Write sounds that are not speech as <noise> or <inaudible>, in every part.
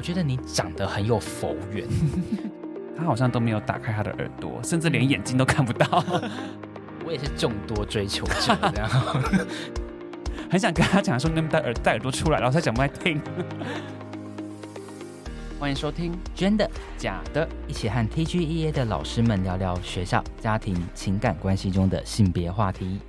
我覺得你長得很有佛緣， <laughs> 他好像都沒有打開他的耳朵，甚至連眼睛都看不到。 <laughs> 我也是眾多追求者， <laughs> 然後很想跟他講說，能不能帶耳帶耳朵出來，然後他講不來聽。 <laughs> 歡迎收聽《Gender 假的》，一起和 TGEA 的老師們聊聊學校、家庭、情感關係中的性別話題。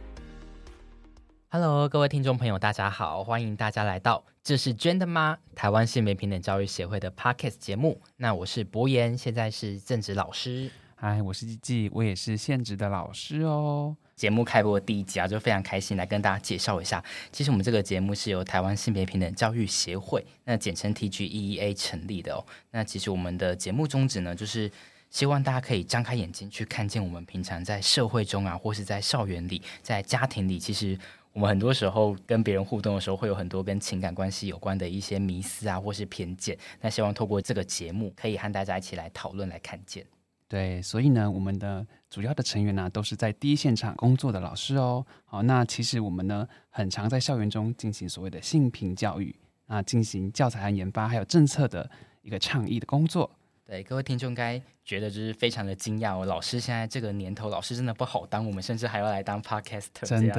Hello，各位聽眾朋友，大家好！歡迎大家來到《這是 Gender 假的？！》臺灣性別平等教育協會的 Podcast 節目。那我是薄鹽，現在是正職老師。哎，我是紀紀，我也是現職的老師哦。節目開播第一集啊，就非常開心來跟大家介紹一下。其實我們這個節目是由臺灣性別平等教育協會，那簡稱 TGEEA 成立的哦。那其實我們的節目宗旨呢，就是希望大家可以張開眼睛去看見我們平常在社會中啊，或是在校園裡、在家庭裡，其實。我們很多時候跟別人互動的時候，會有很多跟情感關係有關的一些迷思啊，或是偏見。那希望透過這個節目，可以和大家一起來討論、來看見。對，所以呢，我們的主要的成員呢、啊，都是在第一現場工作的老師哦。好、哦，那其實我們呢，很常在校園中進行所謂的性平教育啊，進行教材和研發，還有政策的一個倡議的工作。對，各位聽眾應該覺得就是非常的驚訝哦。老師現在這個年頭，老師真的不好當，我們甚至還要來當 Podcaster，這樣子真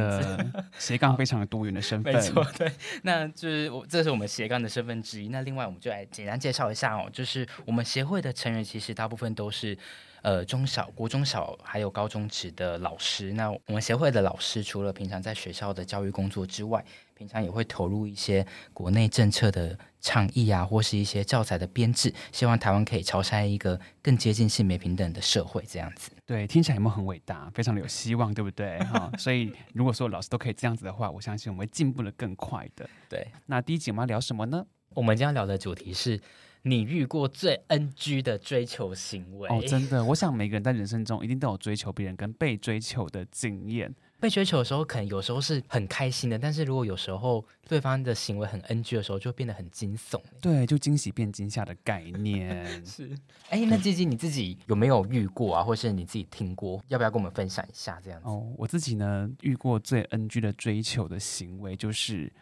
的斜槓非常的多元的身份。對，那就是我，這是我們斜槓的身份之一。那另外，我們就來簡單介紹一下哦，就是我們協會的成員其實大部分都是呃中小、國中小還有高中職的老師。那我們協會的老師，除了平常在學校的教育工作之外，平常也會投入一些國內政策的倡議啊，或是一些教材的編製，希望台灣可以朝向一個更接近性別平等的社會這樣子。對，聽起來有沒有很偉大，非常的有希望，對不對？哈、 <laughs> 哦，所以如果說老師都可以這樣子的話，我相信我們會進步得更快的。對，那第一集我們要聊什麼呢？我們今天要聊的主題是你遇過最 NG 的追求行為。哦，真的，我想每個人在人生中一定都有追求別人跟被追求的經驗。被追求的時候，可能有時候是很開心的，但是如果有時候對方的行為很 NG 的時候，就會變得很驚悚。對，就驚喜變驚嚇的概念。 <laughs> 是，哎、欸，那紀紀你自己有沒有遇過啊？或是你自己聽過，要不要跟我們分享一下這樣子？哦、我自己呢，遇過最 NG 的追求的行為就是。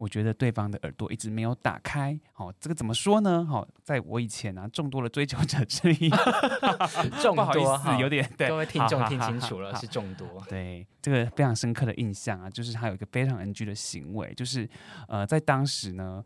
我覺得對方的耳朵一直沒有打開，好、哦，這個怎麼說呢？好、哦，在我以前啊，眾多的追求者之一， <laughs> 眾多 <laughs> 不好意思，有點各位聽眾聽清楚了，好好好好是眾多。對，這個非常深刻的印象啊，就是他有一個非常 NG 的行為，就是呃，在當時呢，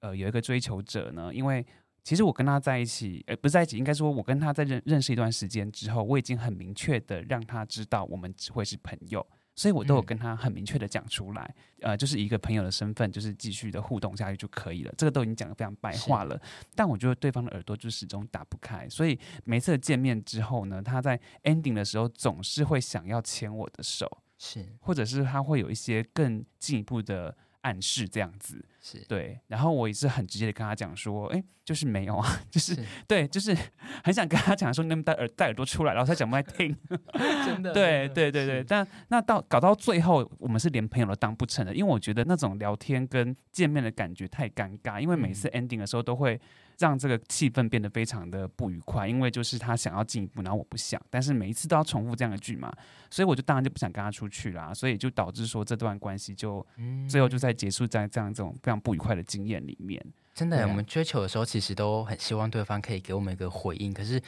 呃，有一個追求者呢，因為其實我跟他在一起，呃，不在一起，應該說，我跟他在認認識一段時間之後，我已經很明確的讓他知道，我們只會是朋友。所以我都有跟他很明確的講出來，嗯，呃，就是一個朋友的身份，就是繼續的互動下去就可以了。這個都已經講得非常白話了，但我覺得對方的耳朵就始終打不開。所以每次見面之後呢，他在 ending 的時候總是會想要牽我的手，是，或者是他會有一些更進一步的。暗示這樣子，是，對，然後我也是很直接的跟他講說，哎、欸,就是沒有啊，就是，是，對，就是很想跟他講說，你有有，那麼帶耳帶耳朵出來，然後他講不愛聽， <laughs> 真的 <laughs> 對，對對對對，但那到搞到最後，我們是連朋友都當不成的，因為我覺得那種聊天跟見面的感覺太尷尬，因為每次 ending 的時候都會。嗯讓這，這個氣氛變得非常的不愉快，因為就是他想要進一步，然後我不想，但是每一次都要重複這樣的劇嘛，所以我就當然就不想跟他出去啦，所以就導致說這段關係就、嗯、最後就在結束在這樣一種非常不愉快的經驗裡面。真的、啊，我們追求的時候其實都很希望對方可以給我們一個回應，可是。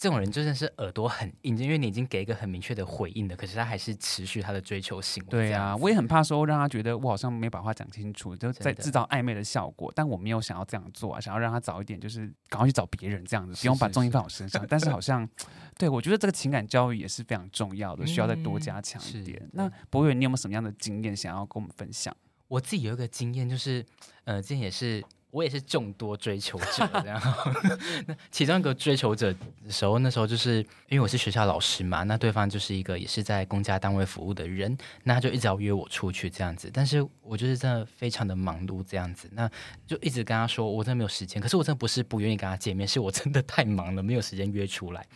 這種人真的是耳朵很硬，因為你已經給一個很明確的回應了，可是他還是持續他的追求行為。對啊，我也很怕說，讓他覺得我好像沒把話講清楚，就在制造曖昧的效果的。但我沒有想要這樣做啊，想要讓他早一點就是趕快去找別人這樣子，是是是，不用把重心放我身上是是是。但是好像， <laughs> 對，我覺得這個情感教育也是非常重要的，需要再多加強一點。嗯、是，那薄鹽，你有沒有什麼樣的經驗想要跟我們分享？我自己有一個經驗，就是，呃，今天也是。我也是眾多追求者，這 <laughs> 樣。那其中一個追求者的時候，那時候就是因為我是學校老師嘛，那對方就是一個也是在公家單位服務的人，那他就一直要約我出去這樣子。但是我就是真的非常的忙碌這樣子，那就一直跟他說，我真的沒有時間。可是我真的不是不願意跟他見面，是我真的太忙了，沒有時間約出來。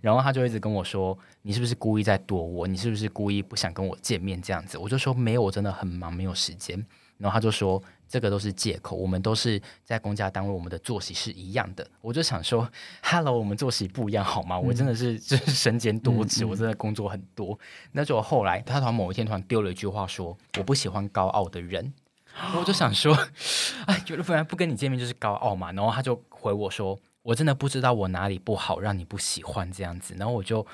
然後他就一直跟我說，你是不是故意在躲我？你是不是故意不想跟我見面這樣子？我就說沒有，我真的很忙，沒有時間。然後他就說。這個都是借口，我們都是在公家單位，我們的作息是一樣的。我就想說哈嘍，Hello, 我們作息不一樣好嗎？我真的是、嗯、就是身兼多職、嗯嗯，我真的工作很多。那就後來他突然某一天突然丟了一句話說：“我不喜歡高傲的人。”我就想說，哎，要、 <coughs> <laughs> 啊、不然不跟你見面就是高傲嘛。然後他就回我說：“我真的不知道我哪裡不好讓你不喜歡這樣子。”然後我就。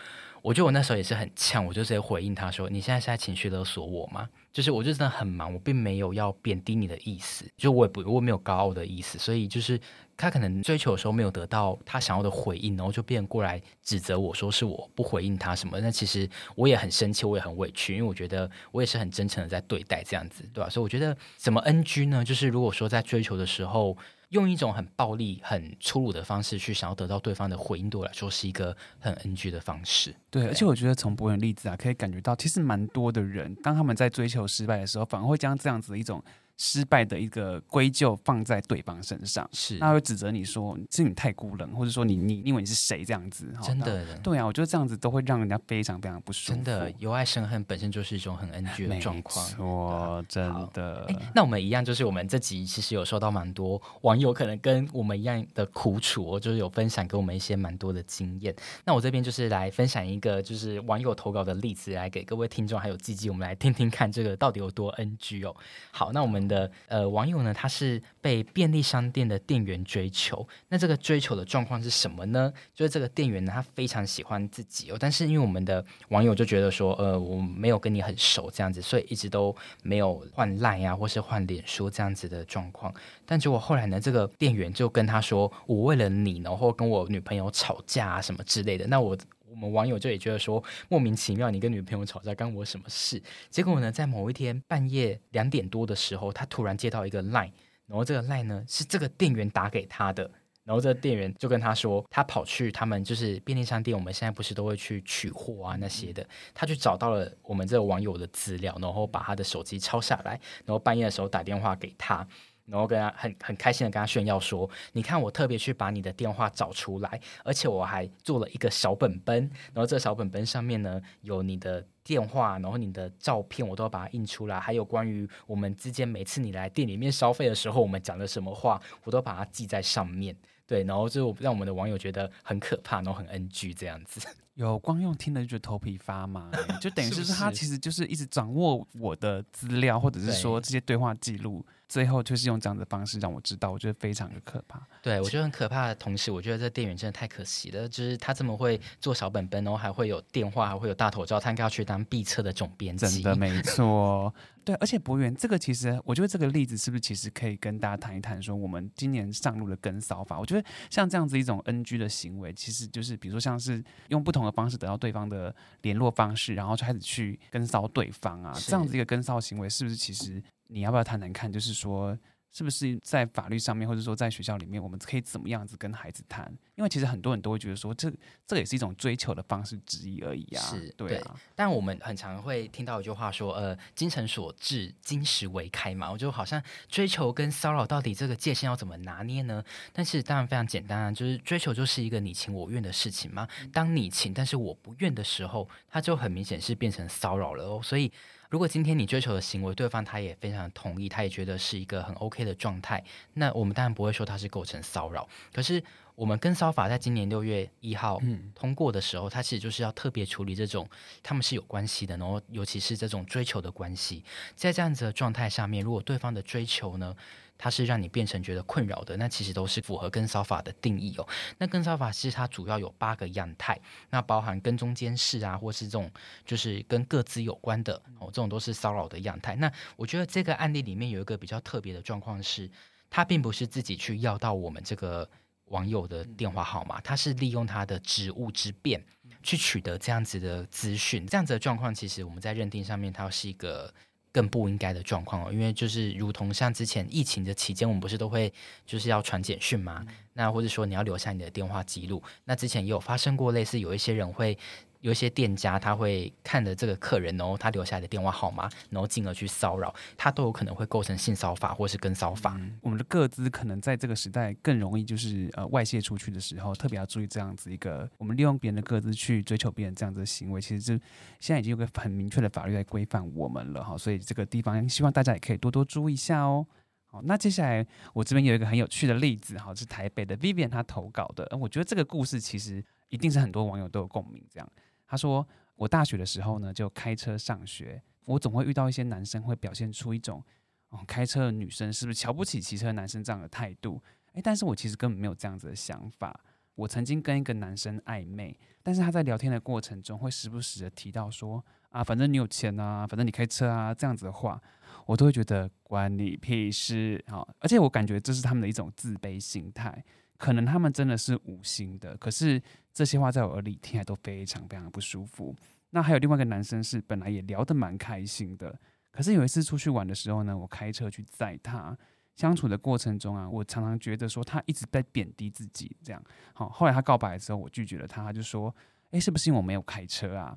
我覺得我那時候也是很嗆，我就直接回應他說：“你現在是在情緒勒索我嗎？”就是，我就真的很忙，我並沒有要貶低你的意思，就我也不我沒有高傲的意思。所以就是他可能追求的時候沒有得到他想要的回應，然後就變過來指責我說是我不回應他什麼。那其實我也很生氣，我也很委屈，因為我覺得我也是很真誠的在對待這樣子，對吧？所以我覺得怎麼 NG 呢？就是如果說在追求的時候。用一種很暴力、很粗魯的方式去想要得到對方的回應，對我來說是一個很恩 g 的方式。對，對啊，而且我覺得從博遠的例子啊，可以感覺到其實蠻多的人，當他們在追求失敗的時候，反而會將這樣子的一種。失敗的一個歸咎放在對方身上，是他會指責你說是你太孤冷，或者說你你因為你是誰這樣子？真的，的，對啊，我覺得這樣子都會讓人家非常非常不舒服。真的，由愛生恨本身就是一種很恩 g 的狀況。說、嗯、真的，那我們一樣，就是我們這集其實有收到蠻多網友，可能跟我們一樣的苦楚、哦，就是有分享給我們一些蠻多的經驗。那我這邊就是來分享一個就是網友投稿的例子，來給各位聽眾還有基基，我們來聽聽看這個到底有多恩 g 哦。好，那我們。的呃，網友呢，他是被便利商店的店員追求。那這個追求的狀況是什麼呢？就是這個店員呢，他非常喜歡自己哦，但是因為我們的網友就覺得說，呃，我沒有跟你很熟這樣子，所以一直都沒有換 Line 呀，或是換臉書這樣子的狀況。但結果後來呢，這個店員就跟他說，我為了你，然後跟我女朋友吵架啊，什麼之類的。那我。我們網友就也覺得說莫名其妙，你跟女朋友吵架干我什麼事？結果呢，在某一天半夜兩點多的時候，他突然接到一個 line，然後這個 line 呢是這個店員打給他的，然後這個店員就跟他說，他跑去他們就是便利商店，我們現在不是都會去取貨啊那些的，他就找到了我們這個網友的資料，然後把他的手機抄下來，然後半夜的時候打電話給他。然後跟他很很開心的跟他炫耀說：“你看，我特別去把你的電話找出來，而且我還做了一個小本本。然後這小本本上面呢，有你的電話，然後你的照片，我都要把它印出來。還有關於我們之間每次你來店裡面消費的時候，我們講了什麼話，我都把它記在上面。對，然後就讓我們的網友覺得很可怕，然後很 NG 這樣子。有光用聽了就覺得頭皮發麻，就等於就是他其實就是一直掌握我的資料， <laughs> 是是或者是說這些對話記錄。”最後就是用這樣的方式讓我知道，我覺得非常的可怕。對，我覺得很可怕的同時，我覺得這店員真的太可惜了，就是他這麼會做小本本，然後還會有電話，還會有大頭照，他應該要去當畢冊的總編輯。真的沒錯。 <laughs> 對，而且薄鹽，這個其實我覺得這個例子是不是其實可以跟大家談一談？說我們今年上路的跟騷法，我覺得像這樣子一種 NG 的行為，其實就是比如說像是用不同的方式得到對方的聯絡方式，然後就開始去跟騷對方啊，這樣子一個跟騷行為是不是其實？你要不要談談看，就是說，是不是在法律上面，或者說在學校裡面，我們可以怎麼樣子跟孩子談？因為其實很多人都會覺得說這，這這也是一種追求的方式之一而已啊，是對，啊對，但我們很常會聽到一句話說，呃，“精誠所至，金石為開”嘛。我就好像追求跟騷擾到底這個界限要怎麼拿捏呢？但是當然非常簡單啊，就是追求就是一個你情我願的事情嘛。當你情，但是我不願的時候，它就很明顯是變成騷擾了哦。所以。如果今天你追求的行為，對方他也非常同意，他也覺得是一個很 OK 的狀態，那我們當然不會說他是構成騷擾。可是，我們跟騷法在今年六月一號通過的時候，它其實就是要特別處理這種他們是有關係的，然後尤其是這種追求的關係，在這樣子的狀態下面，如果對方的追求呢？它是讓你變成覺得困擾的，那其實都是符合跟騷法的定義哦。那跟騷法其實它主要有八個樣態，那包含跟蹤監視啊，或是這種就是跟個資有關的哦，這種都是騷擾的樣態。那我覺得這個案例裡面有一個比較特別的狀況是，他並不是自己去要到我們這個網友的電話號碼，他是利用他的職務之便去取得這樣子的資訊。這樣子的狀況其實我們在認定上面，它是一個。更不應該的狀況，因為就是如同像之前疫情的期間，我們不是都會就是要傳簡訊嗎？嗯。那或者說你要留下你的電話記錄，那之前也有發生過類似有一些人會。有一些店家他會看着這個客人，然後他留下來的電話號碼，然後進而去騷擾，他都有可能會構成性騷擾法或是跟騷擾法、嗯。我們的個資可能在這個時代更容易就是呃外泄出去的時候，特別要注意這樣子一個，我們利用別人的個資去追求別人這樣子的行為，其實就現在已經有個很明確的法律來規範我們了哈。所以這個地方希望大家也可以多多注意一下哦。好，那接下來我這邊有一個很有趣的例子哈，是台北的 Vivian 他投稿的、呃，我覺得這個故事其實一定是很多網友都有共鳴這樣。他說：“我大學的時候呢，就開車上學。我總會遇到一些男生，會表現出一種，哦，開車的女生是不是瞧不起騎車男生這樣的態度？誒，但是我其實根本沒有這樣子的想法。我曾經跟一個男生曖昧，但是他在聊天的過程中，會時不時的提到說，啊，反正你有錢啊，反正你開車啊，這樣子的話，我都會覺得關你屁事。好，哦，而且我感覺這是他們的一種自卑心態。”可能他們真的是無心的，可是這些話在我耳裡聽起來都非常非常不舒服。那還有另外一個男生是本來也聊得蠻開心的，可是有一次出去玩的時候呢，我開車去載他，相處的過程中啊，我常常覺得說他一直在貶低自己這樣。好，後來他告白的時候，我拒絕了他，他就說，誒，是不是因為我沒有開車啊？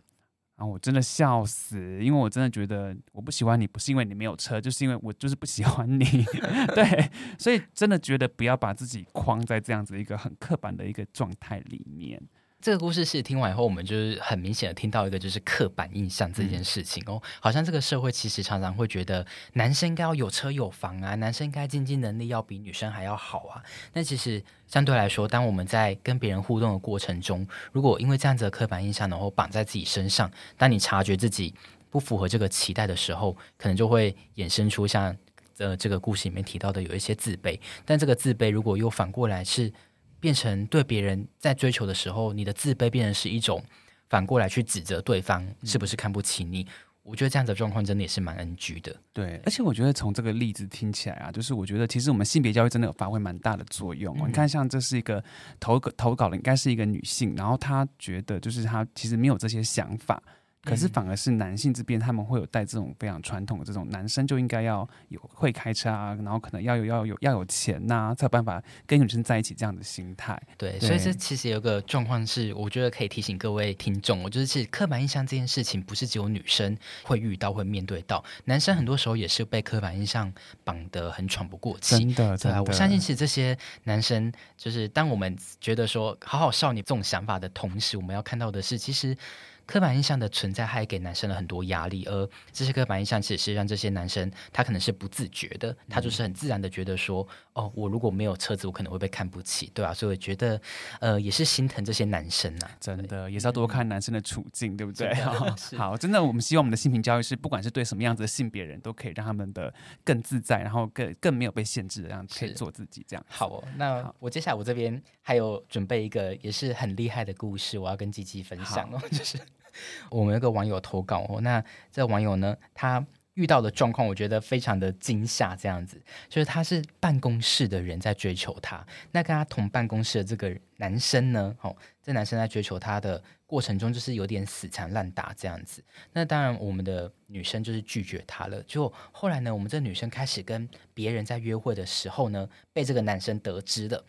啊，我真的笑死，因為我真的覺得我不喜歡你，不是因為你沒有車，就是因為我就是不喜歡你。 <laughs> 對，所以真的覺得不要把自己框在這樣子一個很刻板的一個狀態裡面。這個故事是聽完以後，我們就是很明顯的聽到一個就是刻板印象這件事情哦、嗯，好像這個社會其實常常會覺得男生該要有車有房啊，男生該經濟能力要比女生還要好啊。但其實相對來說，當我們在跟別人互動的過程中，如果因為這樣子的刻板印象，然後綁在自己身上，當你察覺自己不符合這個期待的時候，可能就會衍生出像呃這個故事裡面提到的有一些自卑。但這個自卑如果又反過來是，變成對別人在追求的時候，你的自卑變成是一種反過來去指責對方是不是看不起你。嗯、我覺得這樣的狀況真的也是蠻 NG 的，對。對，而且我覺得從這個例子聽起來啊，就是我覺得其實我們性別教育真的有發揮蠻大的作用。嗯、你看，像這是一個投稿投稿的，應該是一個女性，然後她覺得就是她其實沒有這些想法。可是反而是男性這邊，他們會有帶這種非常傳統的這種男生就應該要有會開車啊，然後可能要有要有要有錢吶、啊，才有辦法跟女生在一起這樣的心態。對，對，所以這其實有個狀況是，我覺得可以提醒各位聽眾，我就是是刻板印象這件事情，不是只有女生會遇到、會面對到，男生很多時候也是被刻板印象綁得很喘不過氣。真的，對啊，我相信其實這些男生，就是當我們覺得說好好少女這種想法的同時，我們要看到的是其實。刻板印象的存在，還給男生了很多壓力，而這些刻板印象其實是讓這些男生，他可能是不自覺的，他就是很自然的覺得說，哦，我如果沒有車子，我可能會被看不起，對啊，所以我覺得，呃，也是心疼這些男生吶、啊，真的也是要多看男生的處境，嗯、對不對、哦。好，真的，我們希望我們的性平教育是，不管是對什麼樣子的性別人，都可以讓他們的更自在，然後更更沒有被限制的，這樣可以做自己，這樣好哦。那我接下來我這邊還有準備一個也是很厲害的故事，我要跟紀紀分享哦，就是。我們有一個網友投稿哦，那這個網友呢，他遇到的狀況我覺得非常的驚嚇，這樣子，就是他是辦公室的人在追求他，那跟他同辦公室的這個男生呢，這男生在追求他的過程中就是有點死纏爛打這樣子，那當然我們的女生就是拒絕他了，就後來呢，我們這女生開始跟別人在約會的時候呢，被這個男生得知了。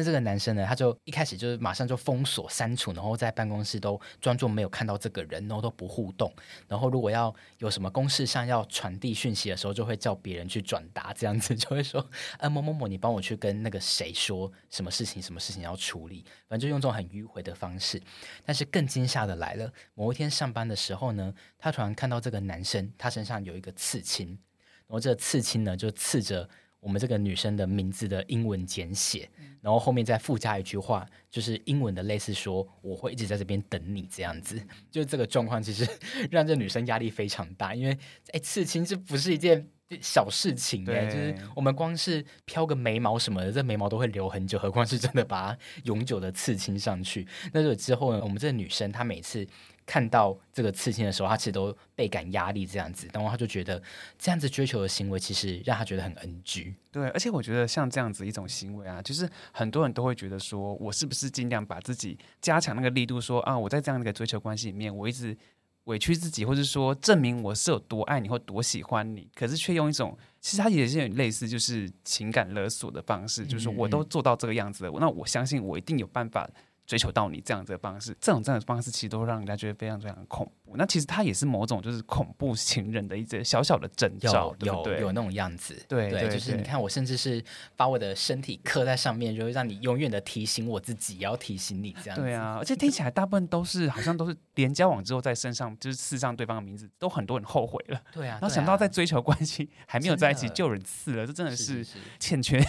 那這個男生呢，他就一開始就是馬上就封鎖、刪除，然後在辦公室都裝作沒有看到這個人，然後都不互動。然後如果要有什麼公事上要傳遞訊息的時候，就會叫別人去轉達，這樣子就會說：“哎、啊，某某某，你幫我去跟那個誰說，什麼事情，什麼事情要處理。”反正就用這種很迂迴的方式。但是更驚嚇的來了，某一天上班的時候呢，他突然看到這個男生，他身上有一個刺青，然後這個刺青呢就刺着。我們這個女生的名字的英文簡寫，然後後面再附加一句話，就是英文的類似說“我會一直在這邊等你”這樣子。就這個狀況，其實讓這女生壓力非常大，因為哎，刺青這不是一件小事情欸，就是我們光是漂個眉毛什麼的，這眉毛都會留很久，何況是真的把它永久的刺青上去。那就之後呢，我們這個女生她每次，看到這個刺青的時候，他其實都倍感壓力，這樣子，然後他就覺得這樣子追求的行為，其實讓他覺得很 NG。對，而且我覺得像這樣子一種行為啊，就是很多人都會覺得說，我是不是盡量把自己加強那個力度說，說啊，我在這樣的一個追求關係裡面，我一直委屈自己，或者說證明我是有多愛你或多喜歡你，可是卻用一種其實他也是有類似就是情感勒索的方式，就是說我都做到這個樣子了，嗯嗯，那我相信我一定有辦法。追求到你這樣子的方式，這種這樣的方式其實都讓人家覺得非常非常恐怖。那其實它也是某種就是恐怖情人的一些小小的徵兆，有對不對？有，有那種樣子，對，對、對、對、對，就是你看我甚至是把我的身體刻在上面，就會讓你永遠的提醒我自己，也要提醒你這樣。對啊，而且聽起來大部分都是好像都是連交往之後在身上 <laughs> 就是刺上對方的名字，都很多人後悔了。對啊，對啊，然後想到在追求關係還沒有在一起就有人刺了，這真的是欠缺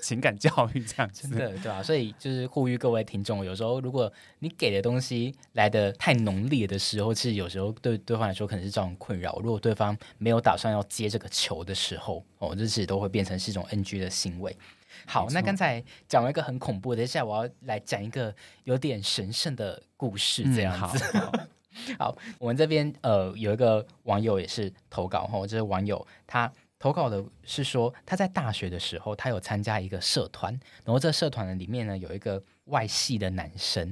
情感教育這樣子， <laughs> 真的對啊，所以就是呼籲各位聽眾。有時候，如果你給的東西來的太濃烈的時候，其實有時候對對方來說可能是造成困擾。如果對方沒有打算要接這個球的時候，哦，這其實都會變成是一種 NG 的行為。好，那剛才講了一個很恐怖的，現在我要來講一個有點神聖的故事。嗯、這樣子，好， <laughs> 好，我們這邊呃有一個網友也是投稿，哈、哦，這、就、個、是、網友他投稿的是說他在大學的時候，他有參加一個社團，然後這個社團的裡面呢有一個外系的男生，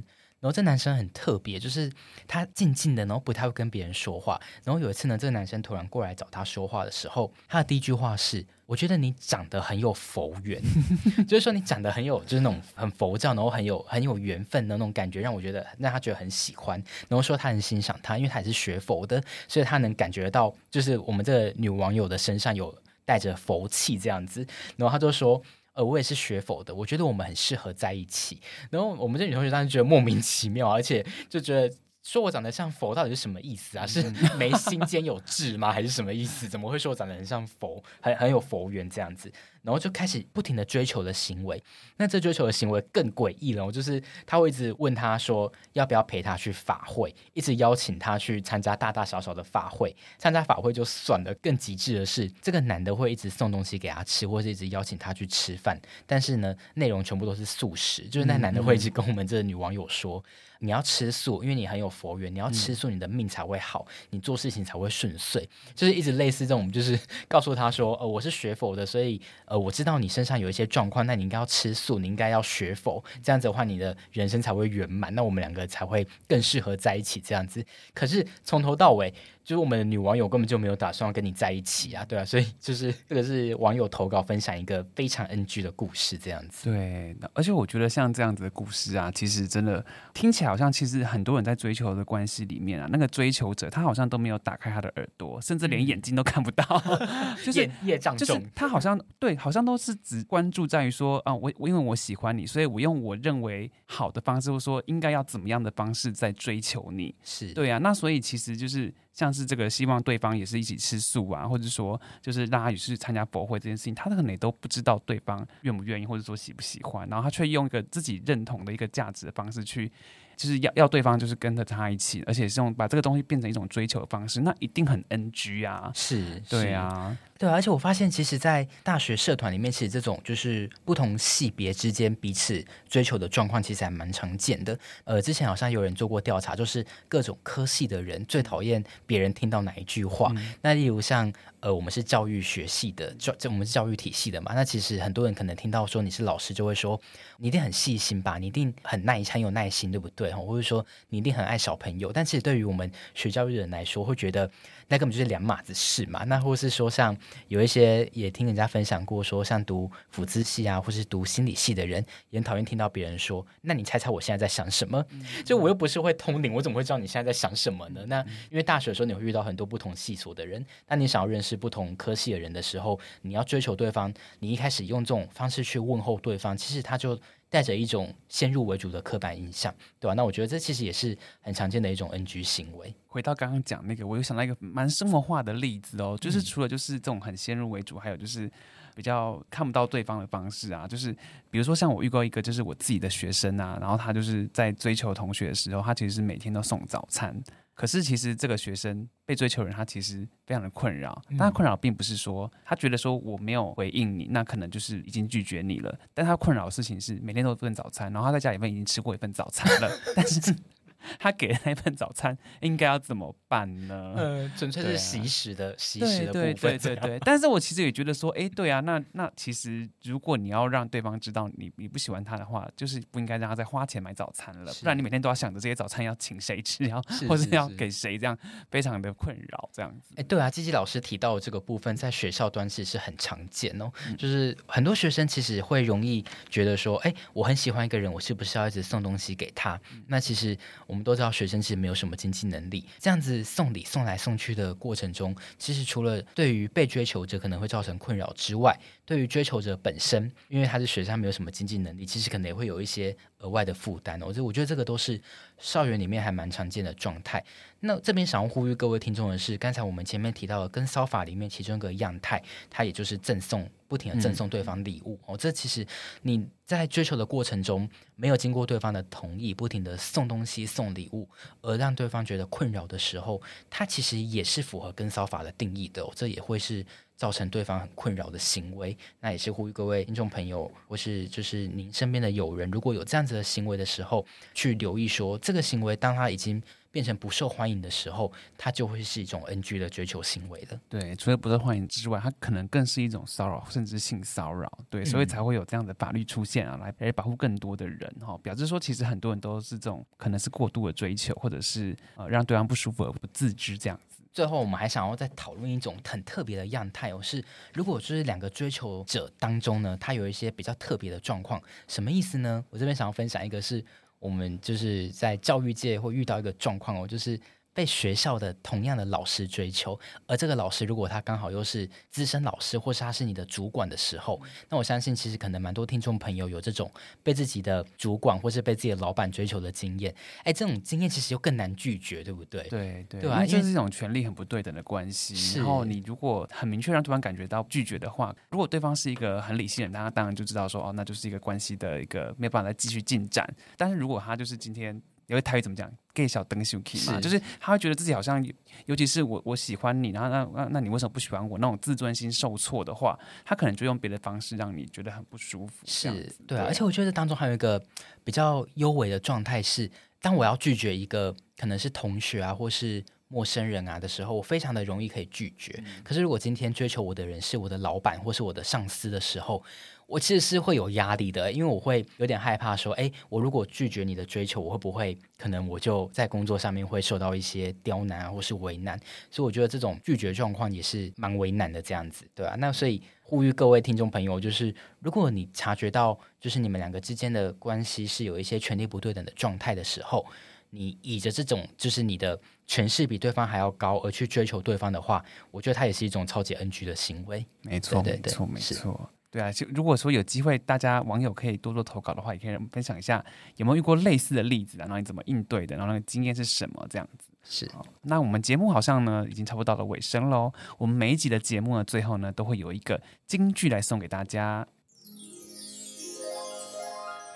然後這男生很特別，就是他靜靜的，然後不太會跟別人說話。然後有一次呢，這個男生突然過來找他說話的時候，他的第一句話是：“我覺得你長得很有佛緣， <laughs> 就是說你長得很有，就是那種很佛教，然後很有很有緣分的那種感覺，讓我覺得讓他覺得很喜歡。然後說他很欣賞他，因為他也是學佛的，所以他能感覺到，就是我們這個女網友的身上有帶着佛氣這樣子。然後他就說。”我也是學佛的，我覺得我們很適合在一起。然後我們這女同學當時覺得莫名其妙，而且就覺得說我長得像佛到底是什麼意思啊？嗯、是眉心間有痣嗎？ <laughs> 還是什麼意思？怎麼會說我長得很像佛，很很有佛緣這樣子？然後就開始不停的追求的行為，那這追求的行為更詭異了。我就是他會一直問他說要不要陪他去法會，一直邀請他去參加大大小小的法會。參加法會就算了，更極致的是，這個男的會一直送東西給他吃，或者是一直邀請他去吃飯。但是呢，內容全部都是素食。就是那男的會一直跟我們這個女網友說：“嗯、你要吃素，因為你很有佛緣。你要吃素，你的命才會好，你做事情才會順遂。”就是一直類似這種，就是告訴他說：“哦、呃，我是學佛的，所以。”呃，我知道你身上有一些狀況，那你應該要吃素，你應該要學佛，這樣子的話，你的人生才會圓滿，那我們兩個才會更適合在一起這樣子。可是從頭到尾。就是我們的女網友根本就沒有打算跟你在一起啊。對啊，所以就是這個是網友投稿分享一個非常 NG 的故事，這樣子。對，而且我覺得像這樣子的故事啊，其實真的聽起來好像，其實很多人在追求的關係裡面啊，那個追求者他好像都沒有打開他的耳朵，甚至連眼睛都看不到， <laughs> 就是、 <laughs> 就是他好像對，好像都是只關注在於說啊，我我因為我喜歡你，所以我用我認為好的方式，或說應該要怎麼樣的方式在追求你，是對啊。那所以其實就是。像是這個希望對方也是一起吃素啊，或者說就是讓他也是參加博會這件事情，他可能也都不知道對方願不願意，或者說喜不喜歡，然後他卻用一個自己認同的一個價值的方式去，就是要要對方就是跟着他一起，而且是用把這個東西變成一種追求的方式，那一定很 NG 啊！是，對啊。對啊，而且我發現，其實，在大學社團裡面，其實這種就是不同系別之間彼此追求的狀況，其實還蠻常見的。呃，之前好像有人做過調查，就是各種科系的人最討厭別人聽到哪一句話。嗯、那例如像呃，我們是教育學系的，就就我們是教育體系的嘛。那其實很多人可能聽到說你是老師，就會說你一定很細心吧，你一定很耐很有耐心，對不對？或者說你一定很愛小朋友。但是對於我們學教育的人來說，會覺得那根本就是兩碼子事嘛。那或是說像。有一些也聽人家分享過，說像讀輔諮系啊，或是讀心理系的人，也很討厭聽到別人說：“那你猜猜我現在在想什麼？”就我又不是會通靈，我怎麼會知道你現在在想什麼呢？那因為大學的時候，你會遇到很多不同系所的人，那你想要認識不同科系的人的時候，你要追求對方，你一開始用這種方式去問候對方，其實他就。帶着一種先入為主的刻板印象，對吧，啊？那我覺得這其實也是很常見的一種 NG 行為。回到剛剛講那個，我又想到一個蠻生活化的例子哦，就是除了就是這種很先入為主，還有就是比較看不到對方的方式啊，就是比如說像我遇過一個，就是我自己的學生啊，然後他就是在追求同學的時候，他其實是每天都送早餐。可是，其實這個學生被追求人，他其實非常的困擾。嗯、但他困擾並不是說他覺得說我沒有回應你，那可能就是已經拒絕你了。但他困擾的事情是，每天都有一份早餐，然後他在家裡面已經吃過一份早餐了， <laughs> 但是。 <laughs> 他給的那份早餐應該要怎麼辦呢？呃，純粹是洗食的洗的洗洗的部分。對對對對對。但是我其實也覺得說，哎，對啊，那那其實如果你要讓對方知道你你不喜歡他的話，就是不應該讓他再花錢買早餐了，不然你每天都要想着這些早餐要請誰吃，然後或是要給誰，這樣非常的困擾，這樣子。誒，對啊，紀紀老師提到的這個部分，在學校端其實很常見哦。嗯，就是很多學生其實會容易覺得說，哎，我很喜歡一個人，我是不是要一直送東西給他？嗯。那其實。我們都知道，學生其實沒有什麼經濟能力。這樣子送禮送來送去的過程中，其實除了對於被追求者可能會造成困擾之外，對於追求者本身，因為他是學生，他沒有什麼經濟能力，其實可能也會有一些。額外的負擔、哦，我這我覺得這個都是校園裡面還蠻常見的狀態。那這邊想要呼籲各位聽眾的是，剛才我們前面提到的跟騷法裡面其中一個樣態，它也就是贈送，不停的贈送對方禮物、嗯、哦。這其實你在追求的過程中沒有經過對方的同意，不停的送東西送禮物，而讓對方覺得困擾的時候，它其實也是符合跟騷法的定義的、哦。這也會是。造成對方很困擾的行為，那也是呼籲各位聽眾朋友，或是就是您身邊的友人，如果有這樣子的行為的時候，去留意說這個行為，當他已經變成不受歡迎的時候，他就會是一種 NG 的追求行為了。對，除了不受歡迎之外，他可能更是一種騷擾，甚至性騷擾。對，所以才會有這樣的法律出現啊，嗯、來保護更多的人哈、哦。表示說，其實很多人都是這種，可能是過度的追求，或者是呃讓對方不舒服而不自知這樣。最後，我們還想要再討論一種很特別的樣態哦，是如果就是兩個追求者當中呢，他有一些比較特別的狀況，什麼意思呢？我這邊想要分享一個，是我們就是在教育界會遇到一個狀況哦，就是。被學校的同樣的老師追求，而這個老師如果他剛好又是資深老師，或是他是你的主管的時候，那我相信其實可能蠻多聽眾朋友有這種被自己的主管或是被自己的老闆追求的經驗。哎、欸，這種經驗其實又更難拒絕，對不對？對對，對吧、啊？因為這種權利很不對等的關係。然後你如果很明確讓對方感覺到拒絕的話，如果對方是一個很理性的人，他當然就知道說哦，那就是一個關係的一個沒辦法再繼續進展。但是如果他就是今天。因為他會怎麼講，見笑轉生氣嘛，就是他會覺得自己好像，尤其是我我喜歡你，然後那那那你為什麼不喜歡我？那種自尊心受挫的話，他可能就用別的方式讓你覺得很不舒服。是，對啊。對啊，而且我覺得當中還有一個比較幽微的狀態是，當我要拒絕一個可能是同學啊，或是陌生人啊的時候，我非常的容易可以拒絕。可是如果今天追求我的人是我的老闆或是我的上司的時候，我其實是會有壓力的，因為我會有點害怕，說，哎，我如果拒絕你的追求，我會不會可能我就在工作上面會受到一些刁難啊，或是為難？所以我覺得這種拒絕狀況也是蠻為難的，這樣子，對啊，那所以呼籲各位聽眾朋友，就是如果你察覺到，就是你們兩個之間的關係是有一些權力不對等的狀態的時候，你倚着這種就是你的權勢比對方還要高而去追求對方的話，我覺得他也是一種超級 NG 的行為。沒錯，對對對沒錯，沒錯。對啊，就如果說有機會，大家網友可以多多投稿的話，也可以分享一下有沒有遇過類似的例子啊？然後你怎麼應對的？然後那個經驗是什麼？這樣子是、哦。那我們節目好像呢已經差不多到了尾聲嘍。我們每一集的節目呢，最後呢都會有一個金句來送給大家。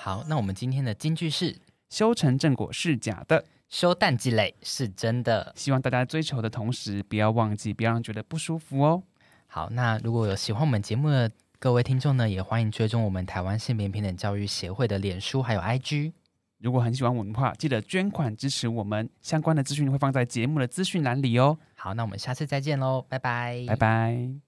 好，那我們今天的金句是：修成正果是假的，小等一下是真的。希望大家追求的同時，不要忘記，不要讓覺得不舒服哦。好，那如果有喜歡我們節目的。各位聽眾呢，也歡迎追蹤我們台灣性別平等教育協會的臉書還有 IG。如果很喜歡我們的話，記得捐款支持我們。相關的資訊會放在節目的資訊欄裡哦。好，那我們下次再見嘍，拜拜，拜拜。